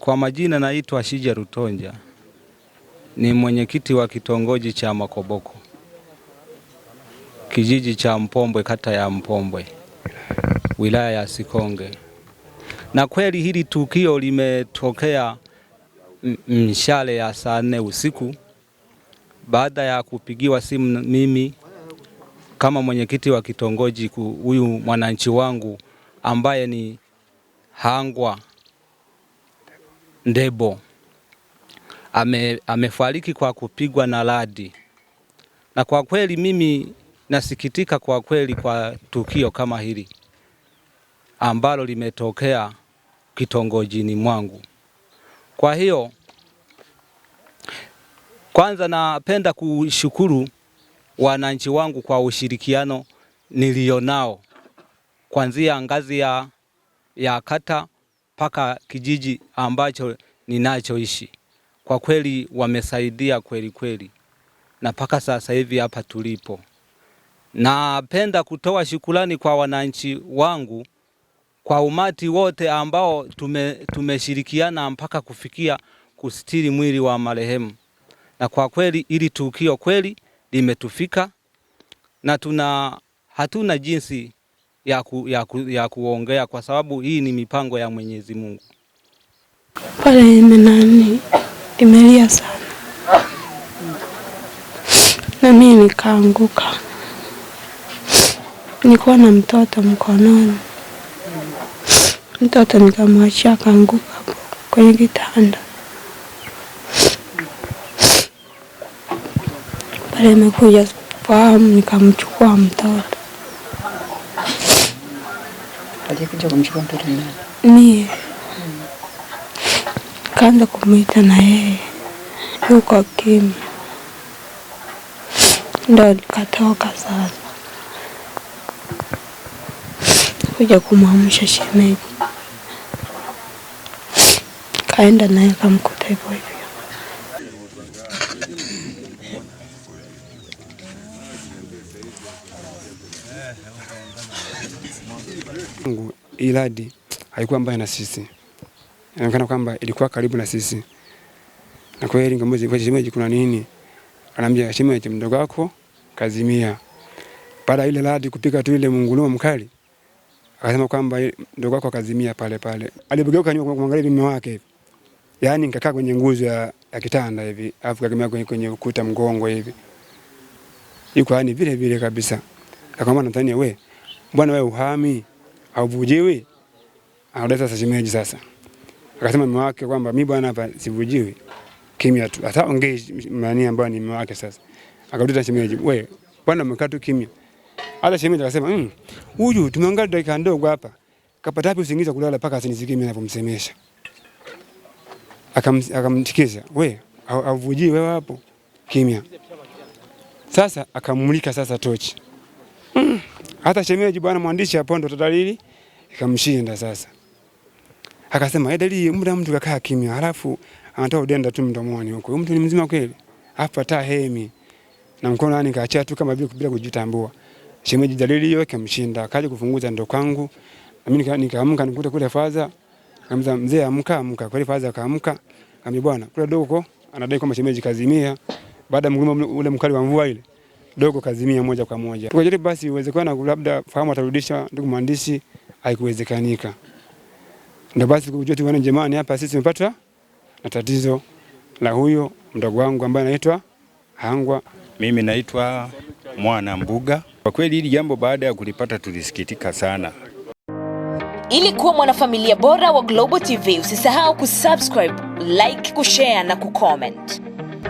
Kwa majina naitwa Shija Rutonja, ni mwenyekiti wa kitongoji cha Makoboko, kijiji cha Mpombwe, kata ya Mpombwe, wilaya ya Sikonge. Na kweli hili tukio limetokea mshale ya saa nne usiku baada ya kupigiwa simu mimi kama mwenyekiti wa kitongoji, huyu mwananchi wangu ambaye ni hangwa Ndebo ame, amefariki kwa kupigwa na radi, na kwa kweli mimi nasikitika kwa kweli kwa tukio kama hili ambalo limetokea kitongojini mwangu. Kwa hiyo kwanza napenda kushukuru wananchi wangu kwa ushirikiano nilionao kuanzia ngazi ya, ya kata mpaka kijiji ambacho ninachoishi. Kwa kweli wamesaidia kweli kweli, na mpaka sasa hivi hapa tulipo. Napenda kutoa shukurani kwa wananchi wangu, kwa umati wote ambao tume, tumeshirikiana mpaka kufikia kustiri mwili wa marehemu, na kwa kweli ili tukio kweli limetufika na tuna hatuna jinsi ya, ku, ya, ku, ya kuongea kwa sababu hii ni mipango ya Mwenyezi Mungu. Pale imenani imelia sana na mimi nikaanguka, nilikuwa na mtoto mkononi, mtoto nikamwachia akaanguka kwenye kitanda. Pale imekuja fahamu, nikamchukua mtoto aliyekuja kumchukua mtoto nani? Mie hmm. Kaanza kumwita na yeye yuko kimya, ndo nikatoka sasa kuja kumwamsha shemeji, kaenda naye kamkuta hivyo hivyo Hii radi haikuwa mbaya na sisi, inaonekana kwamba ilikuwa karibu na sisi, na kweli Ngambozi kwa shemeji, kuna nini? Anaambia shemeji, mdogo wako kazimia. Baada ile radi kupika tu ile mngulumo mkali, akasema kwamba mdogo wako kazimia pale pale. Aligeuka nyuma kumwangalia mume wake hivi, yaani nikakaa kwenye nguzo ya, ya kitanda hivi, afu kagemea kwenye, kwenye ukuta mgongo hivi, yuko yani vile vile kabisa. Akamwambia Natania, we mbona we uhami hauvujiwi, anauleta sasa shemeji. Sasa akasema mume wake kwamba mimi bwana hapa sivujiwi, kimya tu, hata ongee mani ambayo ni mume wake. Sasa akaleta shemeji, wewe bwana umekaa tu kimya. Hata shemeji akasema "Mm, huyu, tumeangalia dakika ndogo hapa, kapata wapi usingiza kulala paka asinisikie mimi ninapomsemesha. Akamtikiza, wewe hauvujiwi, wewe hapo kimya. Sasa akamulika sasa tochi Mm. Hata shemeji bwana mwandishi hapo ndo dalili ikamshinda sasa. Akasema, eh, dalili muda mtu kakaa kimya, halafu anatoa udenda tu mdomoni huko. Mtu ni mzima kweli? Hapa ta hemi. Na mkono yani kaachia tu kama vile bila kujitambua. Shemeji dalili hiyo ikamshinda, akaja kufunguza ndo kwangu. Mimi nikaamka nikuta kule faza. Nikamza mzee amka amka. Kule faza akaamka. Akamwambia bwana, kule doko anadai kwamba shemeji kazimia baada ya ule mkali wa mvua ile dogo kazimia moja kwa moja. Tukajaribu basi, uwezekana labda fahamu atarudisha ndugu mwandishi, haikuwezekanika. Ndio basi kujua tu jamani, hapa sisi tumepata na tatizo la huyo mdogo wangu ambaye anaitwa Hangwa. Mimi naitwa Mwana Mbuga. Kwa kweli hili jambo baada ya kulipata tulisikitika sana. Ili kuwa mwanafamilia bora wa Global TV, usisahau kusubscribe, like, kushare na kucomment.